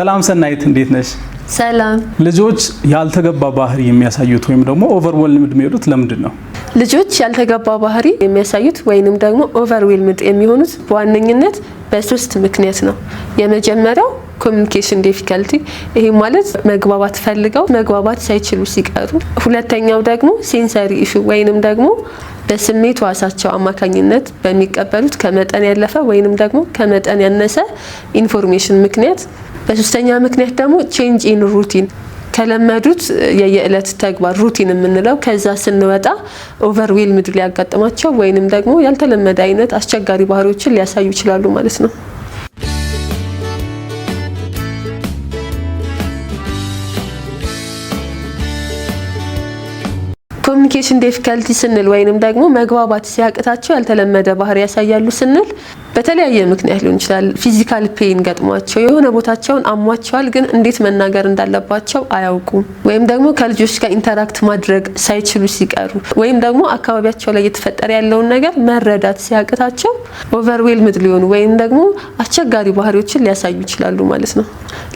ሰላም ሰናይት፣ እንዴት ነሽ? ሰላም። ልጆች ያልተገባ ባህሪ የሚያሳዩት ወይም ደግሞ ኦቨርዌልምድ የሚሄዱት ለምንድን ነው? ልጆች ያልተገባ ባህሪ የሚያሳዩት ወይንም ደግሞ ኦቨርዌልምድ የሚሆኑት በዋነኝነት በሶስት ምክንያት ነው። የመጀመሪያው ኮሚኒኬሽን ዲፊካልቲ፣ ይሄ ማለት መግባባት ፈልገው መግባባት ሳይችሉ ሲቀሩ። ሁለተኛው ደግሞ ሴንሰሪ ኢሹ ወይንም ደግሞ በስሜት ዋሳቸው አማካኝነት በሚቀበሉት ከመጠን ያለፈ ወይንም ደግሞ ከመጠን ያነሰ ኢንፎርሜሽን ምክንያት በሶስተኛ ምክንያት ደግሞ ቼንጅ ኢን ሩቲን ከለመዱት የየዕለት ተግባር ሩቲን የምንለው ከዛ ስንወጣ ኦቨርዌልምድ ሊያጋጥማቸው ወይንም ደግሞ ያልተለመደ አይነት አስቸጋሪ ባህሪዎችን ሊያሳዩ ይችላሉ ማለት ነው። ኮሚኒኬሽን ዲፊካልቲ ስንል ወይንም ደግሞ መግባባት ሲያቅታቸው ያልተለመደ ባህሪ ያሳያሉ ስንል በተለያየ ምክንያት ሊሆን ይችላል። ፊዚካል ፔን ገጥሟቸው የሆነ ቦታቸውን አሟቸዋል፣ ግን እንዴት መናገር እንዳለባቸው አያውቁም። ወይም ደግሞ ከልጆች ጋር ኢንተራክት ማድረግ ሳይችሉ ሲቀሩ ወይም ደግሞ አካባቢያቸው ላይ እየተፈጠረ ያለውን ነገር መረዳት ሲያቅታቸው ኦቨርዌልምድ ሊሆኑ ወይም ደግሞ አስቸጋሪ ባህሪዎችን ሊያሳዩ ይችላሉ ማለት ነው።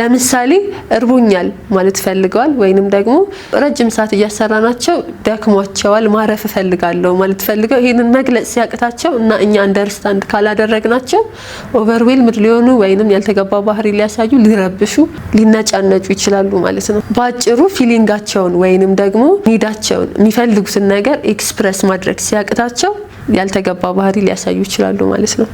ለምሳሌ እርቦኛል ማለት ፈልገዋል ወይንም ደግሞ ረጅም ሰዓት እያሰራ ናቸው ደክሟቸዋል፣ ማረፍ እፈልጋለሁ ማለት ፈልገው ይህንን መግለጽ ሲያቅታቸው እና እኛ አንደርስታንድ ካላደረገ ናቸው። ኦቨርዌልምድ ሊሆኑ ወይንም ያልተገባ ባህሪ ሊያሳዩ፣ ሊረብሹ፣ ሊነጫነጩ ይችላሉ ማለት ነው። በአጭሩ ፊሊንጋቸውን ወይንም ደግሞ ኒዳቸውን የሚፈልጉትን ነገር ኤክስፕረስ ማድረግ ሲያቅታቸው ያልተገባ ባህሪ ሊያሳዩ ይችላሉ ማለት ነው።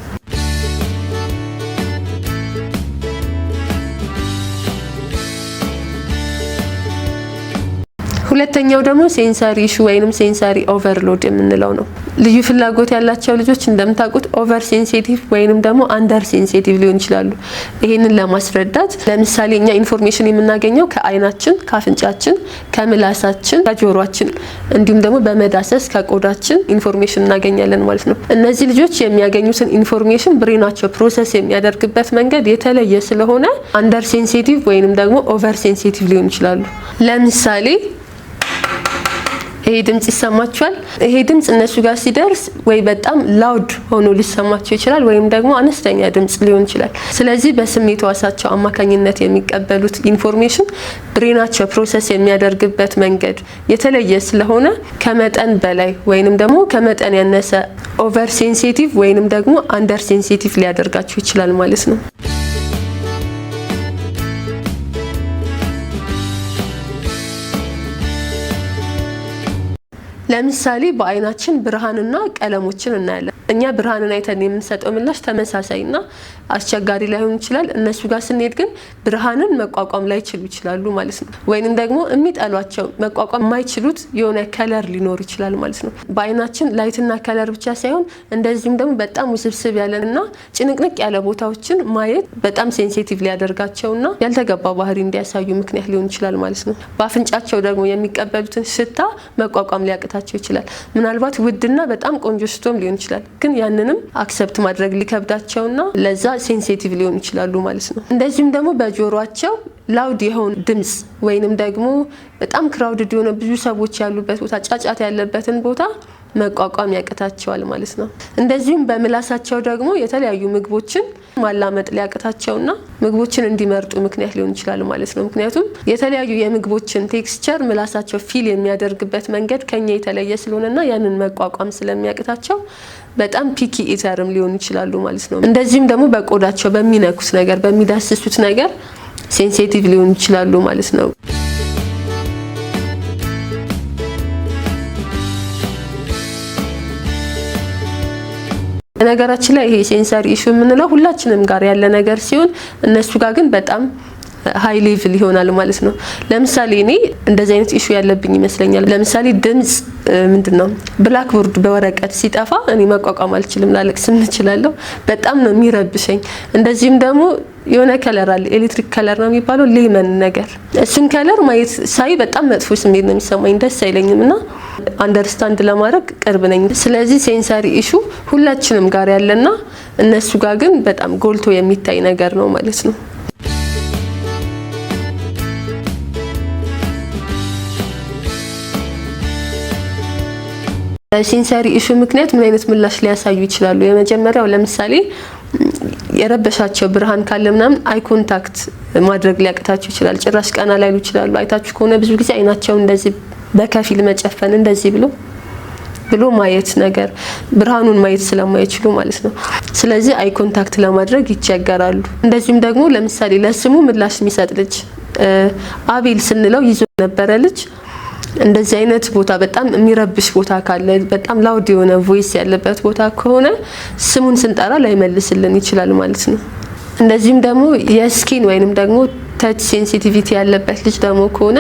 ሁለተኛው ደግሞ ሴንሰሪ ኢሹ ወይንም ሴንሰሪ ኦቨርሎድ የምንለው ነው። ልዩ ፍላጎት ያላቸው ልጆች እንደምታውቁት ኦቨር ሴንሲቲቭ ወይንም ደግሞ አንደር ሴንሲቲቭ ሊሆን ይችላሉ። ይህንን ለማስረዳት ለምሳሌ እኛ ኢንፎርሜሽን የምናገኘው ከአይናችን፣ ከአፍንጫችን፣ ከምላሳችን፣ ከጆሮችን እንዲሁም ደግሞ በመዳሰስ ከቆዳችን ኢንፎርሜሽን እናገኛለን ማለት ነው። እነዚህ ልጆች የሚያገኙትን ኢንፎርሜሽን ብሬናቸው ፕሮሰስ የሚያደርግበት መንገድ የተለየ ስለሆነ አንደር ሴንሲቲቭ ወይንም ደግሞ ኦቨር ሴንሲቲቭ ሊሆን ይችላሉ። ለምሳሌ ይሄ ድምጽ ይሰማችኋል። ይሄ ድምጽ እነሱ ጋር ሲደርስ ወይ በጣም ላውድ ሆኖ ሊሰማቸው ይችላል፣ ወይም ደግሞ አነስተኛ ድምጽ ሊሆን ይችላል። ስለዚህ በስሜት ሕዋሳቸው አማካኝነት የሚቀበሉት ኢንፎርሜሽን ብሬናቸው ፕሮሰስ የሚያደርግበት መንገድ የተለየ ስለሆነ ከመጠን በላይ ወይንም ደግሞ ከመጠን ያነሰ ኦቨር ሴንሲቲቭ ወይንም ደግሞ አንደር ሴንሲቲቭ ሊያደርጋቸው ይችላል ማለት ነው። ለምሳሌ በአይናችን ብርሃንና ቀለሞችን እናያለን። እኛ ብርሃንን አይተን የምንሰጠው ምላሽ ተመሳሳይና አስቸጋሪ ላይሆን ይችላል። እነሱ ጋር ስንሄድ ግን ብርሃንን መቋቋም ላይችሉ ይችላሉ ማለት ነው። ወይንም ደግሞ የሚጠሏቸው መቋቋም የማይችሉት የሆነ ከለር ሊኖር ይችላል ማለት ነው። በአይናችን ላይትና ከለር ብቻ ሳይሆን እንደዚሁም ደግሞ በጣም ውስብስብ ያለና ጭንቅንቅ ያለ ቦታዎችን ማየት በጣም ሴንሲቲቭ ሊያደርጋቸውና ያልተገባ ባህሪ እንዲያሳዩ ምክንያት ሊሆን ይችላል ማለት ነው። በአፍንጫቸው ደግሞ የሚቀበሉትን ሽታ መቋቋም ሊያቅታቸው ሊከብዳቸው ይችላል። ምናልባት ውድና በጣም ቆንጆ ስቶም ሊሆን ይችላል። ግን ያንንም አክሰፕት ማድረግ ሊከብዳቸውና ለዛ ሴንሲቲቭ ሊሆኑ ይችላሉ ማለት ነው። እንደዚሁም ደግሞ በጆሯቸው ላውድ የሆነ ድምጽ ወይንም ደግሞ በጣም ክራውድድ የሆነ ብዙ ሰዎች ያሉበት ቦታ፣ ጫጫት ያለበትን ቦታ መቋቋም ያቅታቸዋል ማለት ነው። እንደዚሁም በምላሳቸው ደግሞ የተለያዩ ምግቦችን ማላመጥ ሊያቅታቸውና ምግቦችን እንዲመርጡ ምክንያት ሊሆን ይችላል ማለት ነው። ምክንያቱም የተለያዩ የምግቦችን ቴክስቸር ምላሳቸው ፊል የሚያደርግበት መንገድ ከኛ የተለየ ስለሆነና ያንን መቋቋም ስለሚያቅታቸው በጣም ፒኪ ኢተርም ሊሆኑ ይችላሉ ማለት ነው። እንደዚሁም ደግሞ በቆዳቸው በሚነኩት ነገር፣ በሚዳስሱት ነገር ሴንሴቲቭ ሊሆኑ ይችላሉ ማለት ነው። በነገራችን ላይ ይሄ ሴንሰር ኢሹ የምንለው ሁላችንም ጋር ያለ ነገር ሲሆን እነሱ ጋር ግን በጣም ሀይ ሌቭል ይሆናል ማለት ነው። ለምሳሌ እኔ እንደዚህ አይነት ኢሹ ያለብኝ ይመስለኛል። ለምሳሌ ድምጽ ምንድን ነው ብላክ ቦርድ በወረቀት ሲጠፋ እኔ መቋቋም አልችልም፣ ላለቅስ እችላለሁ። በጣም ነው የሚረብሸኝ። እንደዚህም ደግሞ የሆነ ከለር አለ ኤሌክትሪክ ከለር ነው የሚባለው፣ ሌመን ነገር እሱን ከለር ማየት ሳይ በጣም መጥፎ ስሜት ነው የሚሰማኝ፣ ደስ አይለኝም እና አንደርስታንድ ለማድረግ ቅርብ ነኝ። ስለዚህ ሴንሰሪ ኢሹ ሁላችንም ጋር ያለና እነሱ ጋር ግን በጣም ጎልቶ የሚታይ ነገር ነው ማለት ነው። በሴንሰሪ ኢሹ ምክንያት ምን አይነት ምላሽ ሊያሳዩ ይችላሉ? የመጀመሪያው ለምሳሌ የረበሻቸው ብርሃን ካለ ምናምን አይ ኮንታክት ማድረግ ሊያቅታቸው ይችላል። ጭራሽ ቀና ላይሉ ይችላሉ። አይታችሁ ከሆነ ብዙ ጊዜ አይናቸው እንደዚህ በከፊል መጨፈን እንደዚህ ብሎ ብሎ ማየት ነገር ብርሃኑን ማየት ስለማይችሉ ማለት ነው። ስለዚህ አይ ኮንታክት ለማድረግ ይቸገራሉ። እንደዚሁም ደግሞ ለምሳሌ ለስሙ ምላሽ የሚሰጥ ልጅ አቤል ስንለው ይዞ ነበረ ልጅ እንደዚህ አይነት ቦታ በጣም የሚረብሽ ቦታ ካለ በጣም ላውድ የሆነ ቮይስ ያለበት ቦታ ከሆነ ስሙን ስንጠራ ላይመልስልን ይችላል ማለት ነው። እንደዚህም ደግሞ የስኪን ወይንም ደግሞ ተች ሴንሲቲቪቲ ያለበት ልጅ ደግሞ ከሆነ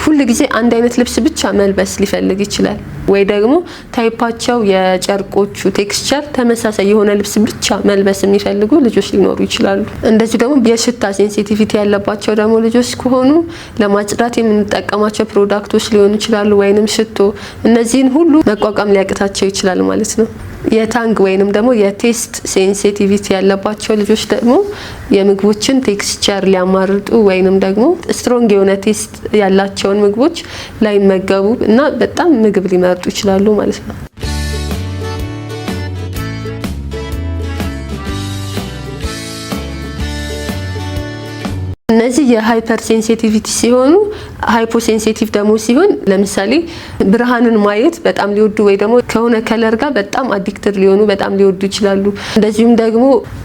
ሁል ጊዜ አንድ አይነት ልብስ ብቻ መልበስ ሊፈልግ ይችላል። ወይ ደግሞ ታይፓቸው የጨርቆቹ ቴክስቸር ተመሳሳይ የሆነ ልብስ ብቻ መልበስ የሚፈልጉ ልጆች ሊኖሩ ይችላሉ። እንደዚሁ ደግሞ የሽታ ሴንሲቲቪቲ ያለባቸው ደግሞ ልጆች ከሆኑ ለማጽዳት የምንጠቀማቸው ፕሮዳክቶች ሊሆኑ ይችላሉ፣ ወይንም ሽቶ። እነዚህን ሁሉ መቋቋም ሊያቅታቸው ይችላል ማለት ነው። የታንግ ወይንም ደግሞ የቴስት ሴንሲቲቪቲ ያለባቸው ልጆች ደግሞ የምግቦችን ቴክስቸር ሊያማርጡ ወይንም ደግሞ ስትሮንግ የሆነ ቴስት ያላቸውን ምግቦች ላይመገቡ እና በጣም ምግብ ሊመርጡ ይችላሉ ማለት ነው። እነዚህ የሃይፐር ሴንሲቲቪቲ ሲሆኑ፣ ሃይፖሴንሲቲቭ ደግሞ ሲሆን ለምሳሌ ብርሃንን ማየት በጣም ሊወዱ ወይ ደግሞ ከሆነ ከለር ጋር በጣም አዲክትድ ሊሆኑ በጣም ሊወዱ ይችላሉ። እንደዚሁም ደግሞ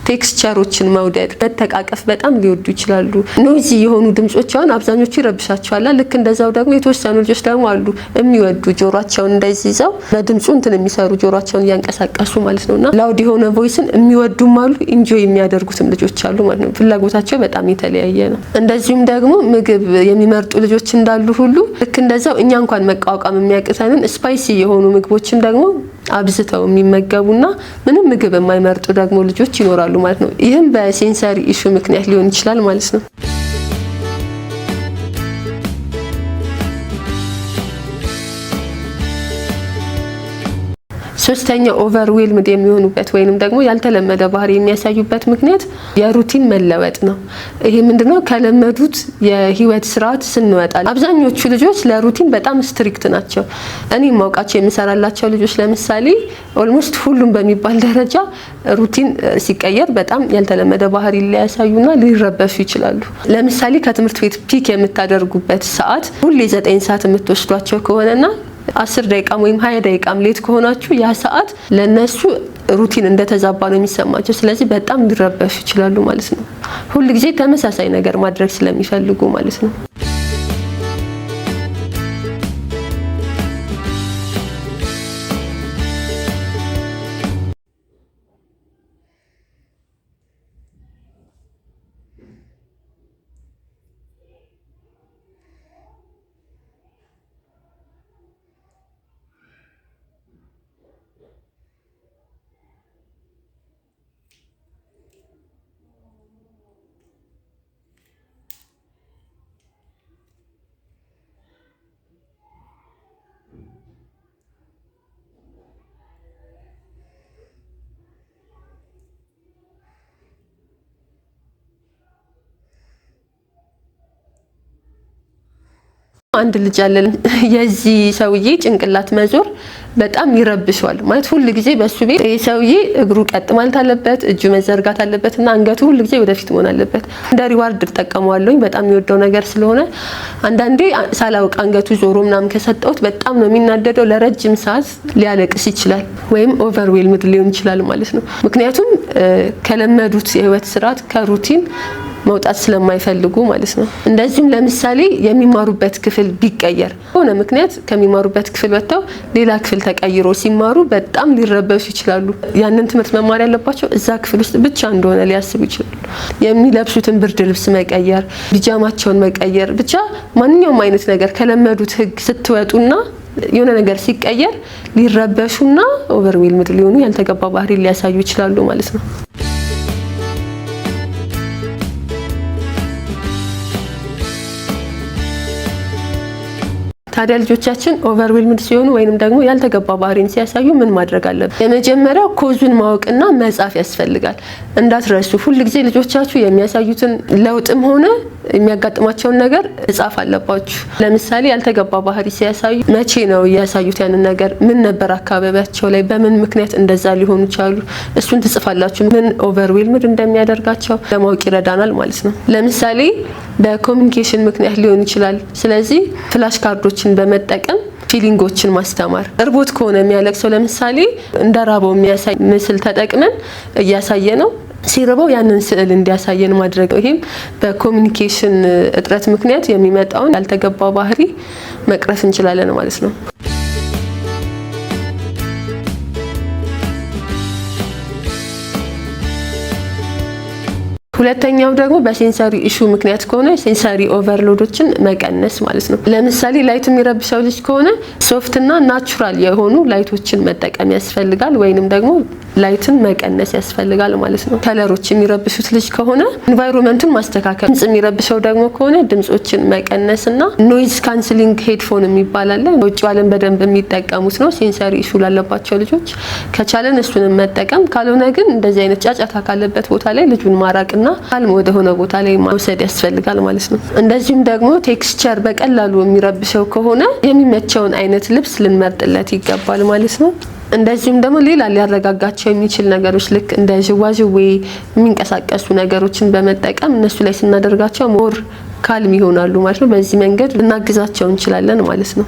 ቴክስቸሮችን መውደድ፣ መተቃቀፍ በጣም ሊወዱ ይችላሉ። ኖይዚ የሆኑ ድምጾች አሁን አብዛኞቹ ይረብሻቸዋል። ልክ እንደዛው ደግሞ የተወሰኑ ልጆች ደግሞ አሉ የሚወዱ ጆሯቸውን እንደዚህ ይዘው በድምፁ እንትን የሚሰሩ ጆሯቸውን እያንቀሳቀሱ ማለት ነውና ላውድ የሆነ ቮይስን የሚወዱም አሉ ኢንጆይ የሚያደርጉትም ልጆች አሉ ማለት ነው። ፍላጎታቸው በጣም የተለያየ ነው። ነው። እንደዚሁም ደግሞ ምግብ የሚመርጡ ልጆች እንዳሉ ሁሉ ልክ እንደዛው እኛ እንኳን መቋቋም የሚያቅተንን ስፓይሲ የሆኑ ምግቦችን ደግሞ አብዝተው የሚመገቡና ምንም ምግብ የማይመርጡ ደግሞ ልጆች ይኖራሉ ማለት ነው። ይህም በሴንሰሪ ኢሹ ምክንያት ሊሆን ይችላል ማለት ነው። ሶስተኛ ኦቨርዌልምድ የሚሆኑበት ወይንም ደግሞ ያልተለመደ ባህሪ የሚያሳዩበት ምክንያት የሩቲን መለወጥ ነው። ይህ ምንድነው? ከለመዱት የህይወት ስርዓት ስንወጣል። አብዛኞቹ ልጆች ለሩቲን በጣም ስትሪክት ናቸው። እኔ ማውቃቸው የምሰራላቸው ልጆች ለምሳሌ ኦልሞስት ሁሉም በሚባል ደረጃ ሩቲን ሲቀየር በጣም ያልተለመደ ባህሪ ሊያሳዩና ሊረበሱ ይችላሉ። ለምሳሌ ከትምህርት ቤት ፒክ የምታደርጉበት ሰዓት ሁሌ ዘጠኝ ሰዓት የምትወስዷቸው ከሆነና አስር ደቂቃም ወይም ሀያ ደቂቃም ሌት ከሆናችሁ ያ ሰዓት ለእነሱ ሩቲን እንደተዛባ ነው የሚሰማቸው። ስለዚህ በጣም ሊረበሹ ይችላሉ ማለት ነው። ጊዜ ተመሳሳይ ነገር ማድረግ ስለሚፈልጉ ማለት ነው። አንድ ልጅ አለን። የዚህ ሰውዬ ጭንቅላት መዞር በጣም ይረብሸዋል። ማለት ሁል ጊዜ በእሱ ቤት ይህ ሰውዬ እግሩ ቀጥ ማለት አለበት፣ እጁ መዘርጋት አለበት እና አንገቱ ሁል ጊዜ ወደፊት መሆን አለበት። እንደ ሪዋርድ እጠቀመዋለሁኝ በጣም የሚወደው ነገር ስለሆነ አንዳንዴ ሳላውቅ አንገቱ ዞሮ ምናምን ከሰጠሁት በጣም ነው የሚናደደው። ለረጅም ሰዓት ሊያለቅስ ይችላል፣ ወይም ኦቨርዌልምድ ሊሆን ይችላል ማለት ነው። ምክንያቱም ከለመዱት የህይወት ስርዓት ከሩቲን መውጣት ስለማይፈልጉ ማለት ነው። እንደዚሁም ለምሳሌ የሚማሩበት ክፍል ቢቀየር በሆነ ምክንያት ከሚማሩበት ክፍል ወጥተው ሌላ ክፍል ተቀይሮ ሲማሩ በጣም ሊረበሱ ይችላሉ። ያንን ትምህርት መማር ያለባቸው እዛ ክፍል ውስጥ ብቻ እንደሆነ ሊያስቡ ይችላሉ። የሚለብሱትን ብርድ ልብስ መቀየር፣ ቢጃማቸውን መቀየር፣ ብቻ ማንኛውም አይነት ነገር ከለመዱት ህግ ስትወጡና የሆነ ነገር ሲቀየር ሊረበሹና ኦቨርዌልምድ ሊሆኑ ያልተገባ ባህሪ ሊያሳዩ ይችላሉ ማለት ነው። ታዲያ ልጆቻችን ኦቨርዌልምድ ሲሆኑ ወይንም ደግሞ ያልተገባ ባህሪን ሲያሳዩ ምን ማድረግ አለብን? የመጀመሪያው ኮዙን ማወቅና መጻፍ ያስፈልጋል። እንዳትረሱ ሁልጊዜ ልጆቻችሁ የሚያሳዩትን ለውጥም ሆነ የሚያጋጥማቸውን ነገር እጻፍ አለባችሁ። ለምሳሌ ያልተገባ ባህሪ ሲያሳዩ መቼ ነው እያሳዩት ያንን ነገር ምን ነበር አካባቢያቸው ላይ፣ በምን ምክንያት እንደዛ ሊሆኑ ይቻሉ እሱን ትጽፋላችሁ። ምን ኦቨርዌልምድ እንደሚያደርጋቸው ለማወቅ ይረዳናል ማለት ነው። ለምሳሌ በኮሚኒኬሽን ምክንያት ሊሆን ይችላል። ስለዚህ ፍላሽ ካርዶች ቃሎችን በመጠቀም ፊሊንጎችን ማስተማር እርቦት ከሆነ የሚያለቅሰው ለምሳሌ እንደ ራበው የሚያሳይ ምስል ተጠቅመን እያሳየ ነው ሲርበው ያንን ስዕል እንዲያሳየን ማድረግ ነው። ይህም በኮሚኒኬሽን እጥረት ምክንያት የሚመጣውን ያልተገባ ባህሪ መቅረፍ እንችላለን ማለት ነው። ሁለተኛው ደግሞ በሴንሰሪ ኢሹ ምክንያት ከሆነ ሴንሰሪ ኦቨርሎዶችን መቀነስ ማለት ነው። ለምሳሌ ላይት የሚረብሸው ልጅ ከሆነ ሶፍትና ናቹራል የሆኑ ላይቶችን መጠቀም ያስፈልጋል ወይንም ደግሞ ላይትን መቀነስ ያስፈልጋል ማለት ነው። ከለሮች የሚረብሱት ልጅ ከሆነ ኢንቫይሮንመንቱን ማስተካከል፣ ድምጽ የሚረብሰው ደግሞ ከሆነ ድምጾችን መቀነስ እና ኖይዝ ካንስሊንግ ሄድፎን የሚባል አለ። ውጭ ዓለም በደንብ የሚጠቀሙት ነው። ሴንሰሪ ኢሹ ላለባቸው ልጆች ከቻለን እሱንም መጠቀም፣ ካልሆነ ግን እንደዚህ አይነት ጫጫታ ካለበት ቦታ ላይ ልጁን ማራቅና አልሞ ወደሆነ ቦታ ላይ መውሰድ ያስፈልጋል ማለት ነው። እንደዚሁም ደግሞ ቴክስቸር በቀላሉ የሚረብሰው ከሆነ የሚመቸውን አይነት ልብስ ልንመርጥለት ይገባል ማለት ነው። እንደዚሁም ደግሞ ሌላ ሊያረጋጋቸው የሚችል ነገሮች ልክ እንደ ዥዋዥዌ የሚንቀሳቀሱ ነገሮችን በመጠቀም እነሱ ላይ ስናደርጋቸው ሞር ካልም ይሆናሉ ማለት ነው። በዚህ መንገድ ልናግዛቸው እንችላለን ማለት ነው።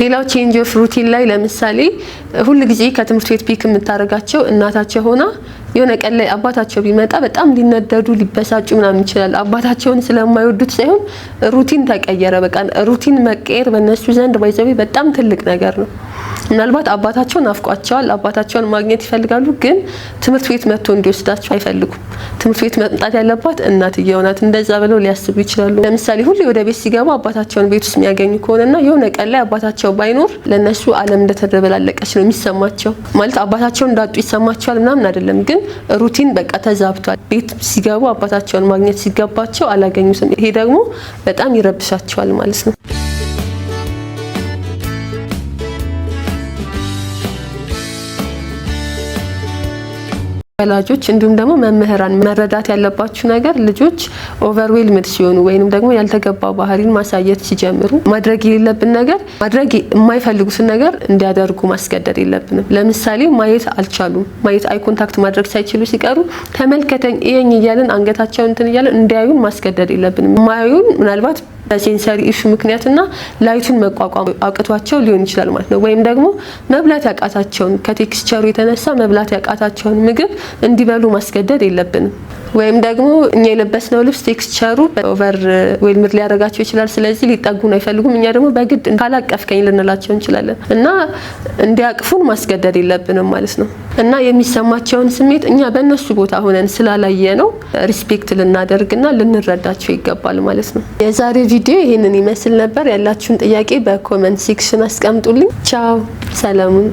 ሌላው ቼንጅ ኦፍ ሩቲን ላይ ለምሳሌ ሁል ጊዜ ከትምህርት ቤት ፒክ የምታደርጋቸው እናታቸው ሆና የሆነ ቀን ላይ አባታቸው ቢመጣ በጣም ሊነደዱ ሊበሳጩ ምናምን ይችላል። አባታቸውን ስለማይወዱት ሳይሆን ሩቲን ተቀየረ። በቃ ሩቲን መቀየር በእነሱ ዘንድ ባይዘቤ በጣም ትልቅ ነገር ነው። ምናልባት አባታቸውን ናፍቋቸዋል፣ አባታቸውን ማግኘት ይፈልጋሉ። ግን ትምህርት ቤት መጥቶ እንዲወስዳቸው አይፈልጉም። ትምህርት ቤት መምጣት ያለባት እናትየው ናት። እንደዛ ብለው ሊያስቡ ይችላሉ። ለምሳሌ ሁሌ ወደ ቤት ሲገቡ አባታቸውን ቤት ውስጥ የሚያገኙ ከሆነና የሆነ ቀን ላይ አባታቸው ባይኖር ለእነሱ ዓለም እንደተደበላለቀች ነው የሚሰማቸው። ማለት አባታቸውን እንዳጡ ይሰማቸዋል ምናምን አይደለም፣ ግን ሩቲን በቃ ተዛብቷል። ቤት ሲገቡ አባታቸውን ማግኘት ሲገባቸው አላገኙትም። ይሄ ደግሞ በጣም ይረብሻቸዋል ማለት ነው። ወላጆች እንዲሁም ደግሞ መምህራን መረዳት ያለባችሁ ነገር ልጆች ኦቨርዌልምድ ሲሆኑ ወይንም ደግሞ ያልተገባ ባህሪን ማሳየት ሲጀምሩ ማድረግ የሌለብን ነገር ማድረግ የማይፈልጉትን ነገር እንዲያደርጉ ማስገደድ የለብንም። ለምሳሌ ማየት አልቻሉም፣ ማየት አይ ኮንታክት ማድረግ ሳይችሉ ሲቀሩ ተመልከተኝ እየኝ እያለን አንገታቸውን እንትን እያለን እንዲያዩን ማስገደድ የለብንም። ማዩን ምናልባት በሴንሰሪ ኢሹ ምክንያትና ላይቱን መቋቋም አቅቷቸው ሊሆን ይችላል ማለት ነው። ወይም ደግሞ መብላት ያቃታቸውን ከቴክስቸሩ የተነሳ መብላት ያቃታቸውን ምግብ እንዲበሉ ማስገደድ የለብንም። ወይም ደግሞ እኛ የለበስነው ልብስ ቴክስቸሩ ኦቨር ዌልምድ ሊያደርጋቸው ይችላል። ስለዚህ ሊጠጉን አይፈልጉም። እኛ ደግሞ በግድ ካላቀፍከኝ ልንላቸው እንችላለን እና እንዲያቅፉን ማስገደድ የለብንም ማለት ነው እና የሚሰማቸውን ስሜት እኛ በእነሱ ቦታ ሆነን ስላላየ ነው ሪስፔክት ልናደርግና ልንረዳቸው ይገባል ማለት ነው። የዛሬ ቪዲዮ ይህንን ይመስል ነበር። ያላችሁን ጥያቄ በኮመንት ሴክሽን አስቀምጡልኝ። ቻው፣ ሰላሙን